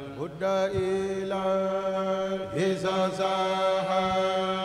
هدى إلى إذا زهر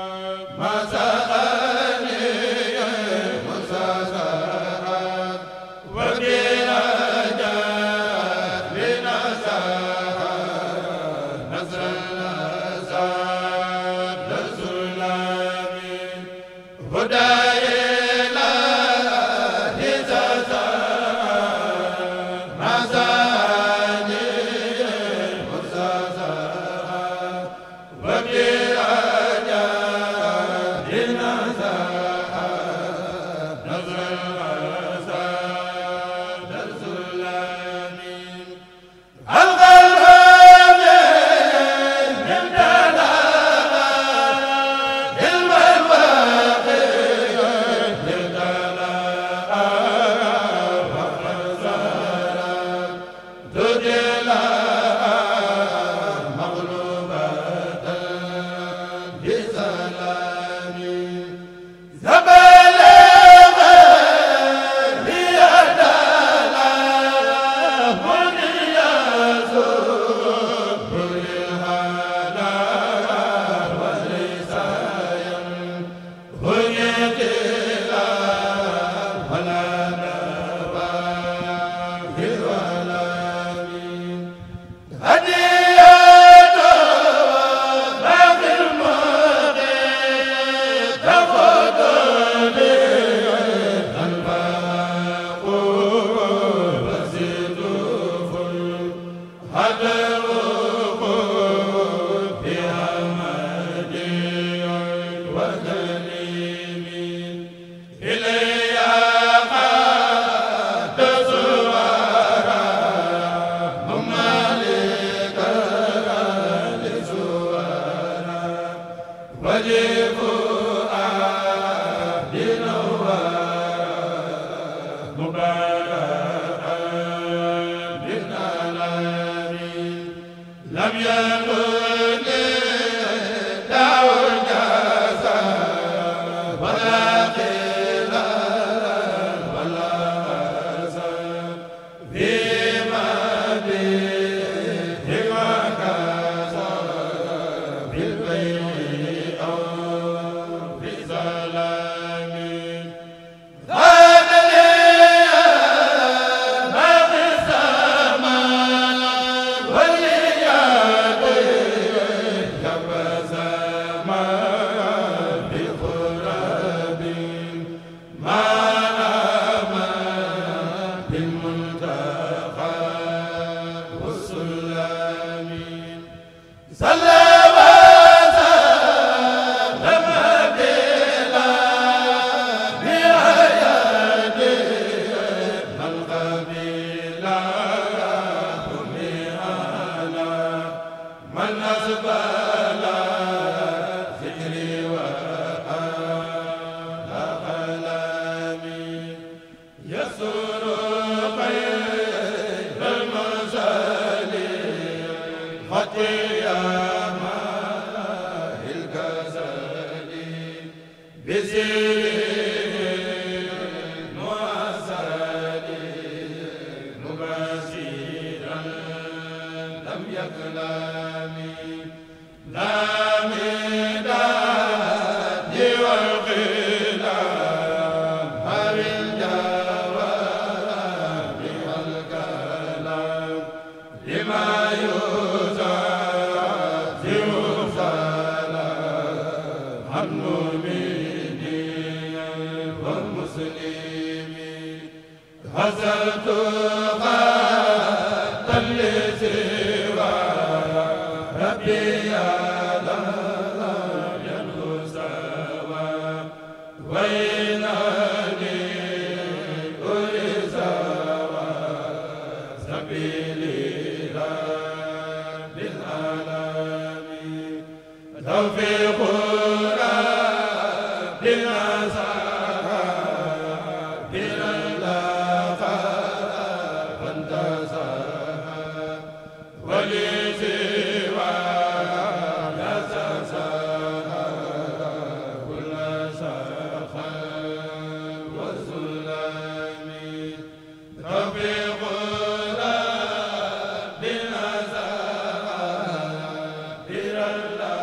la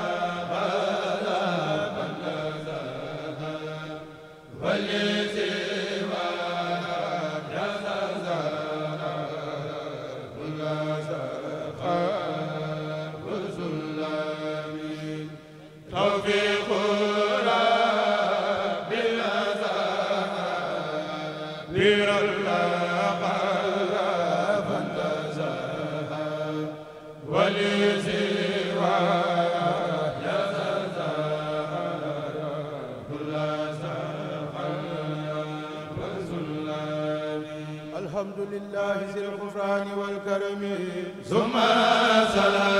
salaam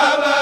Abba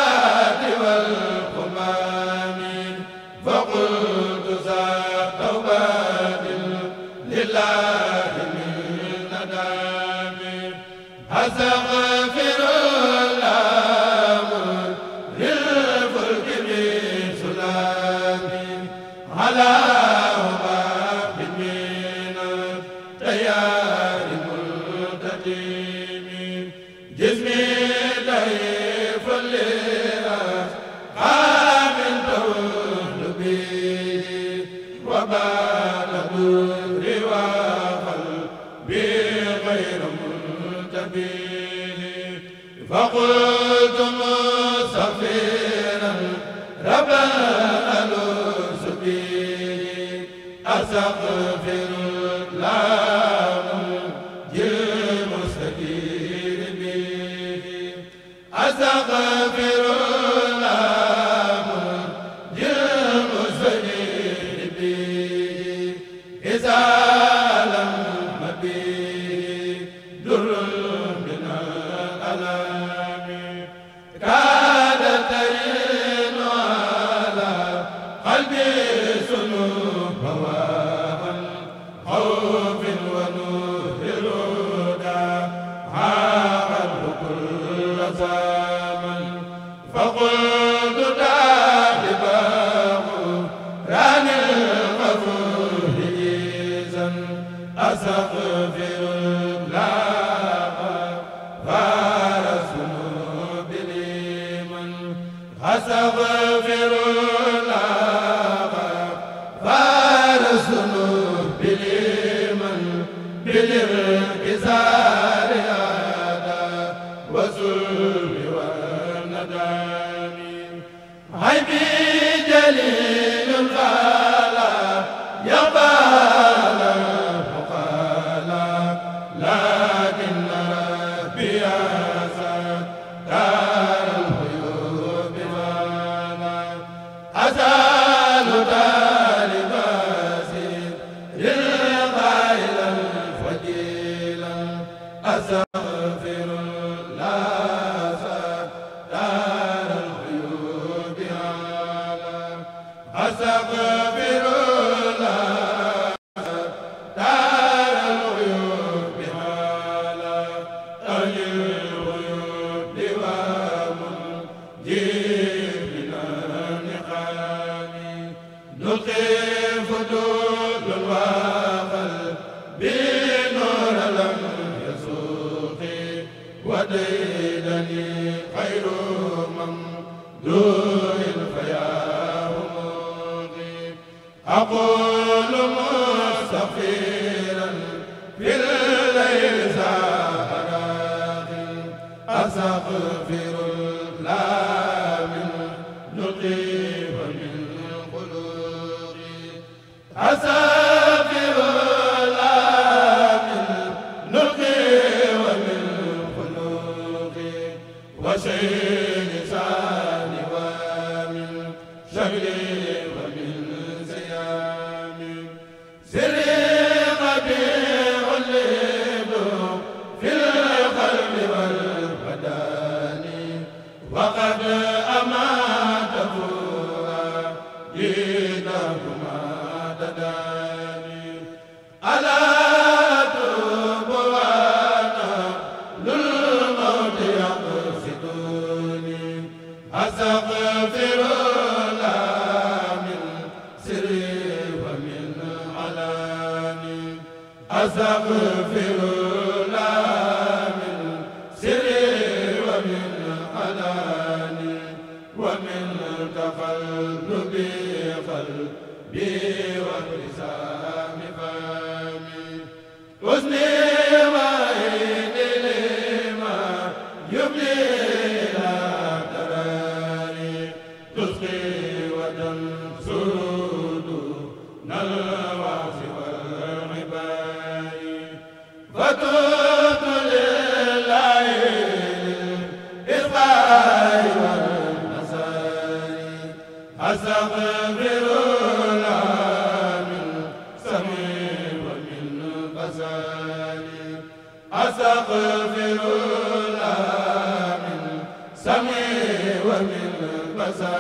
sa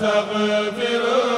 واستغفره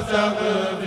sax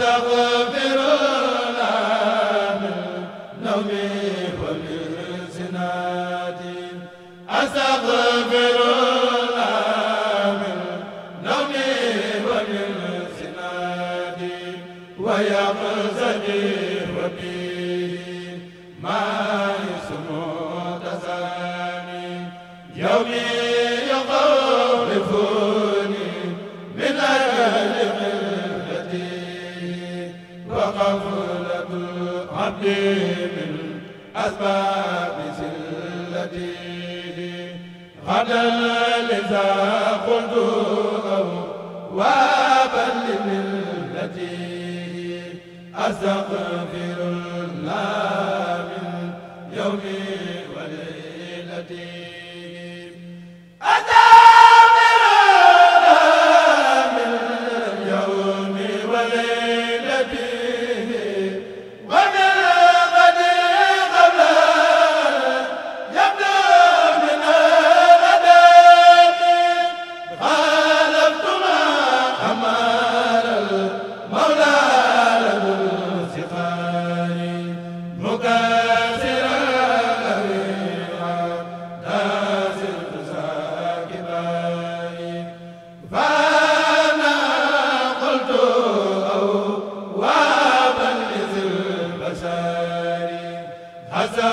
mustafa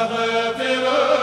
فاغفر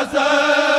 asal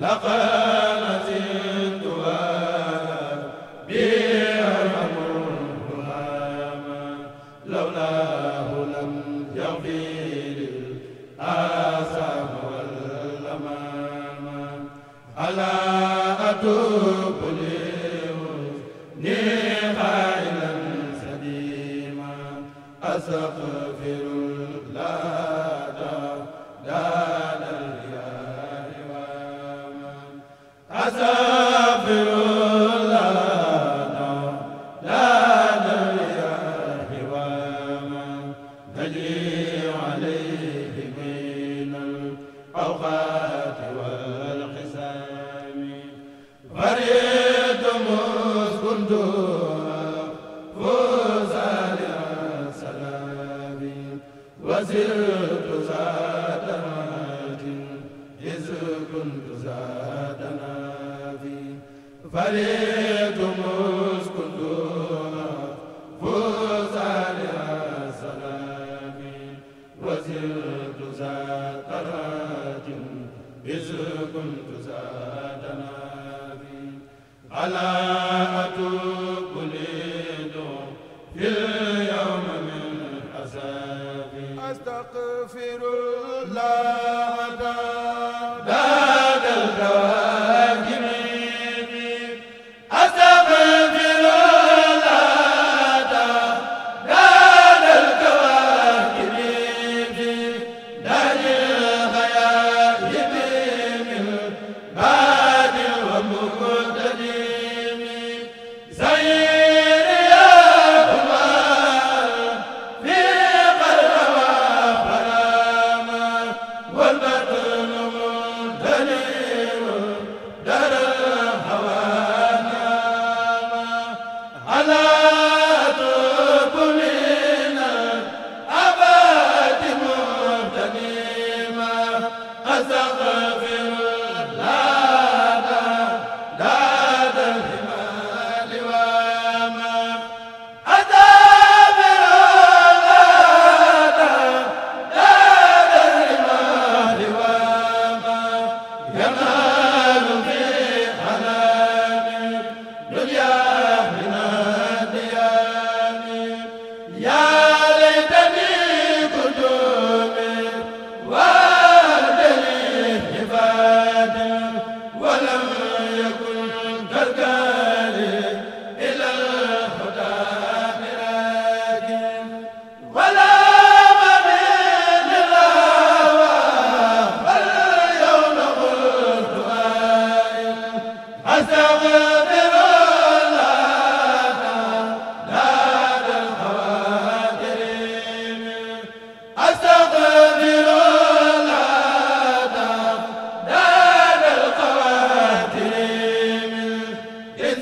لقد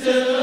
Jésus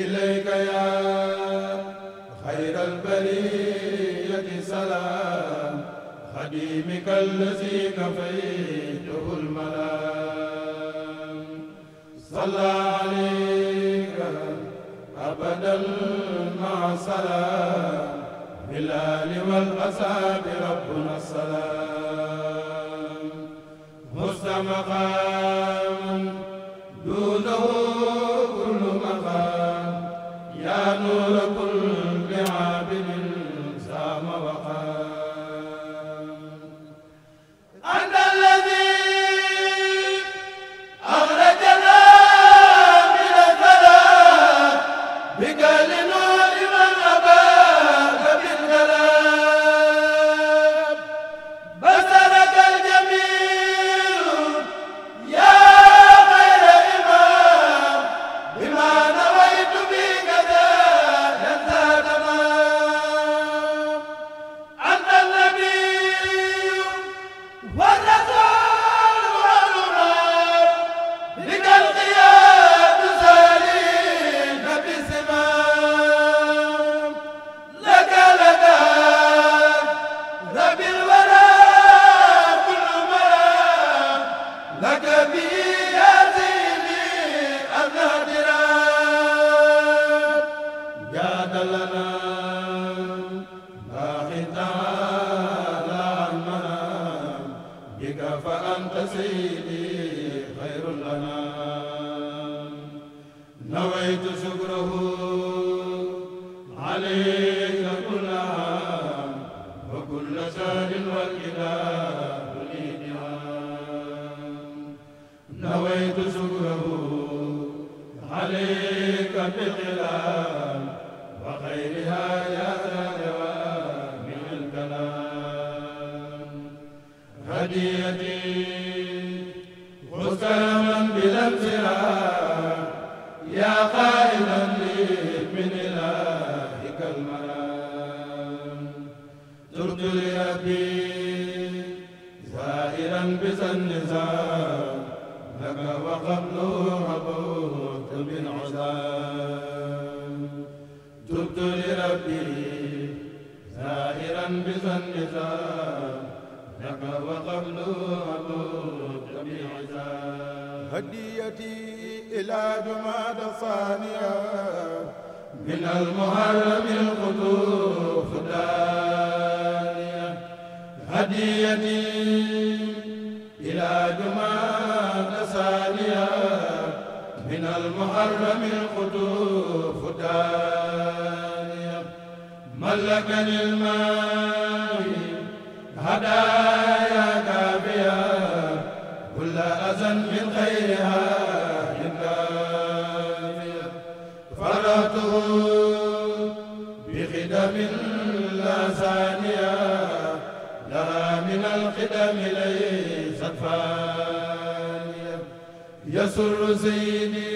إليك يا خير البرية سلام خديمك الذي كفيته الملام صلى عليك أبدا مع سلام بالآل والأصحاب ربنا السلام مستمقام من القدم ليس فانيا يسر زيني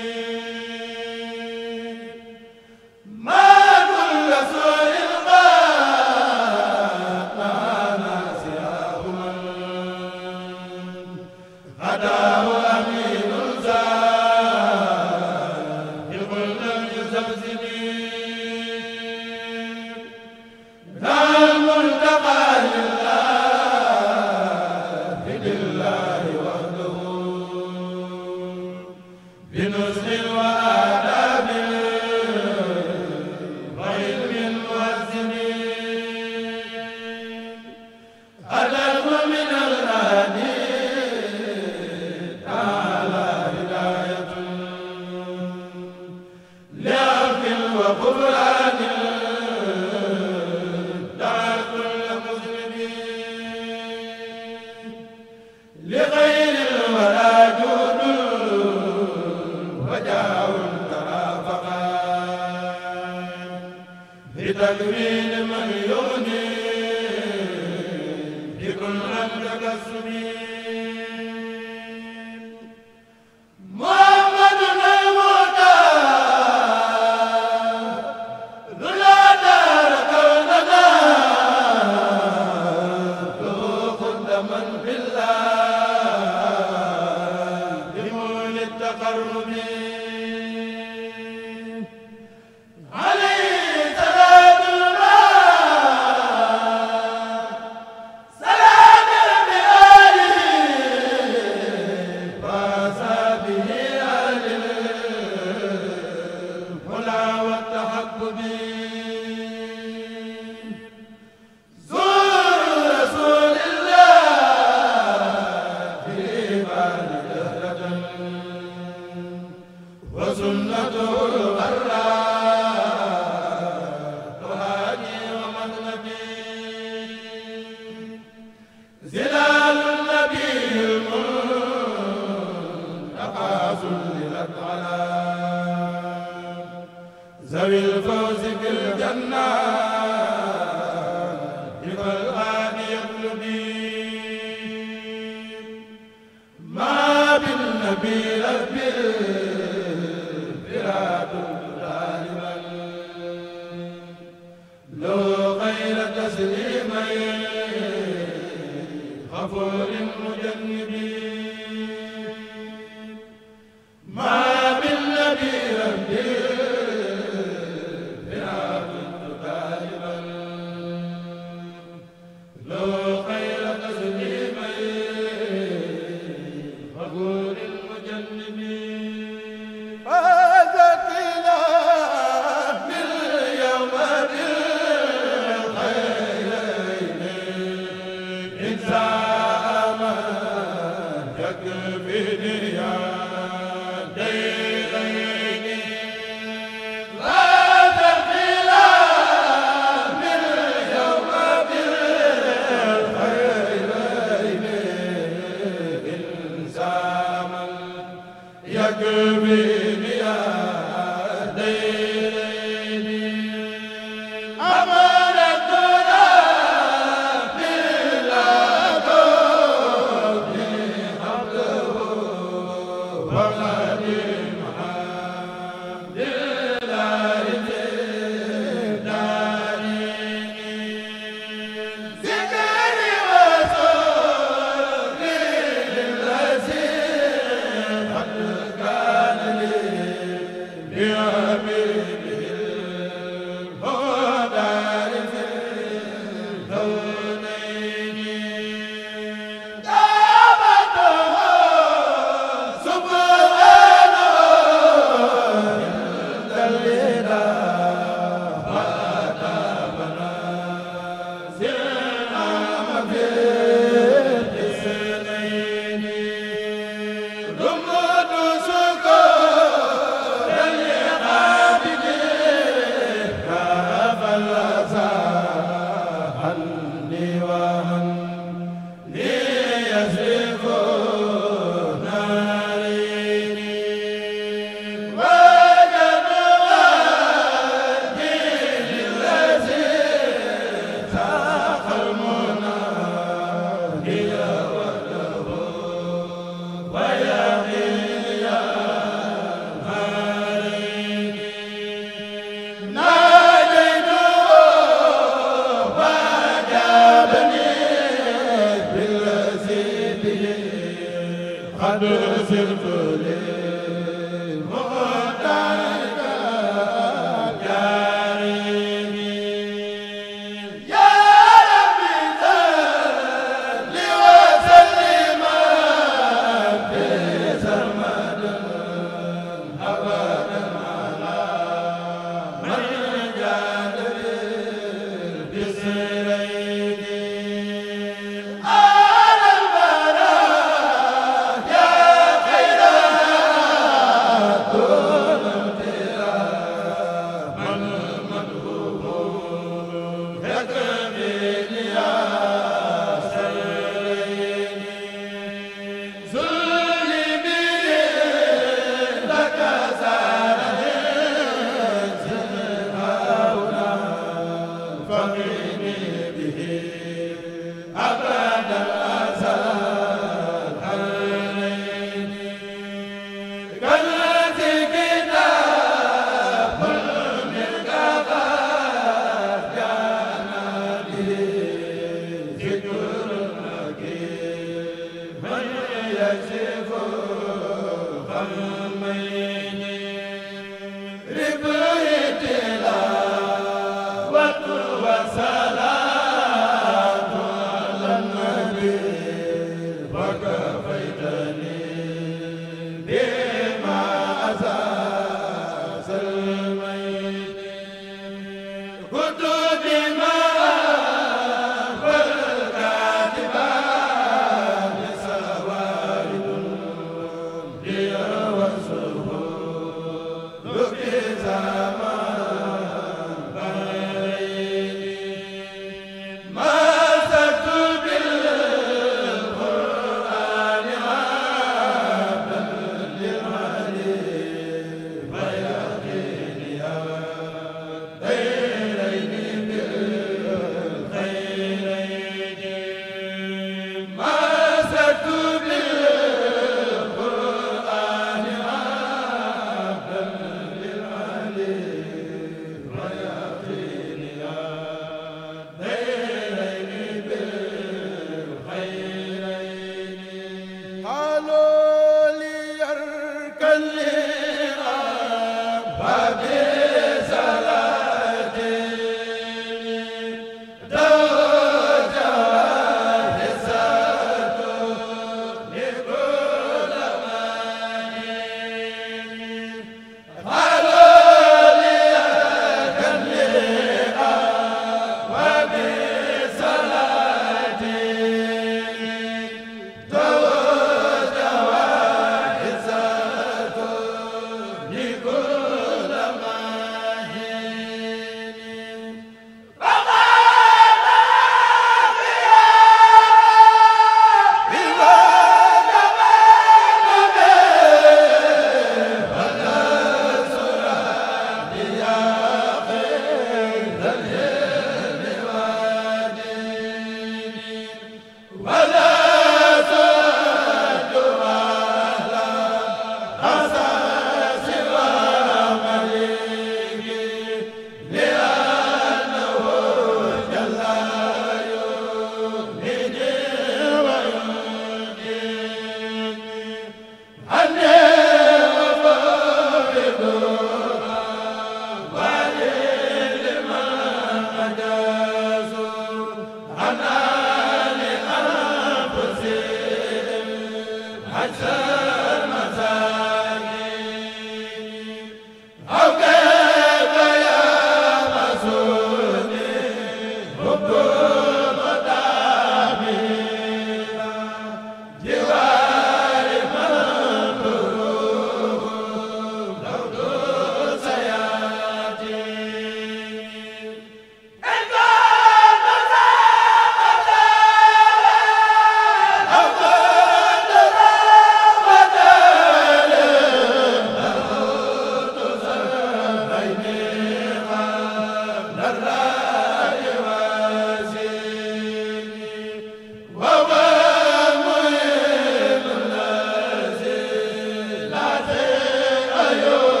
yo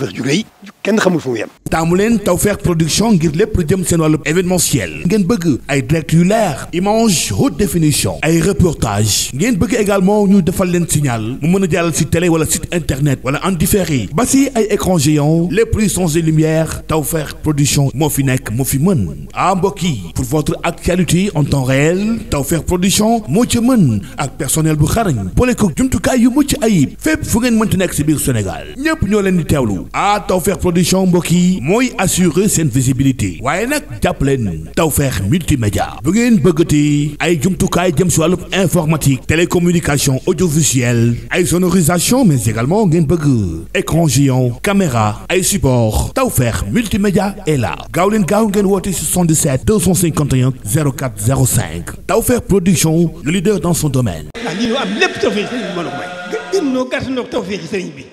Tawfekh ju rëy kenn xamul fu mu yem. taamu leen Tawfekh production ngir lépp lu jëm seen wàllu événementiel ngeen bëgg ay direct yu leer image haute définition ay reportage ngeen bëgg également ñu defal leen signal mu mën a jàllal si télé wala si internet wala en différé ba si ay écran géant lépp luy son et lumière Tawfekh production moo fi nekk moo fi mën ah mbokk yi pour votre actualité en temps réel Tawfekh production moo ci mën ak personnel bu xarañ boole ko jumtukaay yu mucc ayib fépp fu ngeen mënti nekk si biir Sénégal ñépp ñoo leen di teewlu ah Tawfekh production mbokk yi mooy assurer seen visibilité waaye nag jàpp jàppaleen Tawfekh multimédia bu ngeen bëggati ay jumtukaay jëm si wàllu informatique télécommunication audiovisuelle ay sonorisation mais également ngeen bëgg écran géant caméra ay support Tawfekh multimédia est là gaaw leen gaaw ngeen woote 77 251 04 05 Tawfekh production le leader dans son domaine. Ah, am lépp Tawfekh sëriñ bi.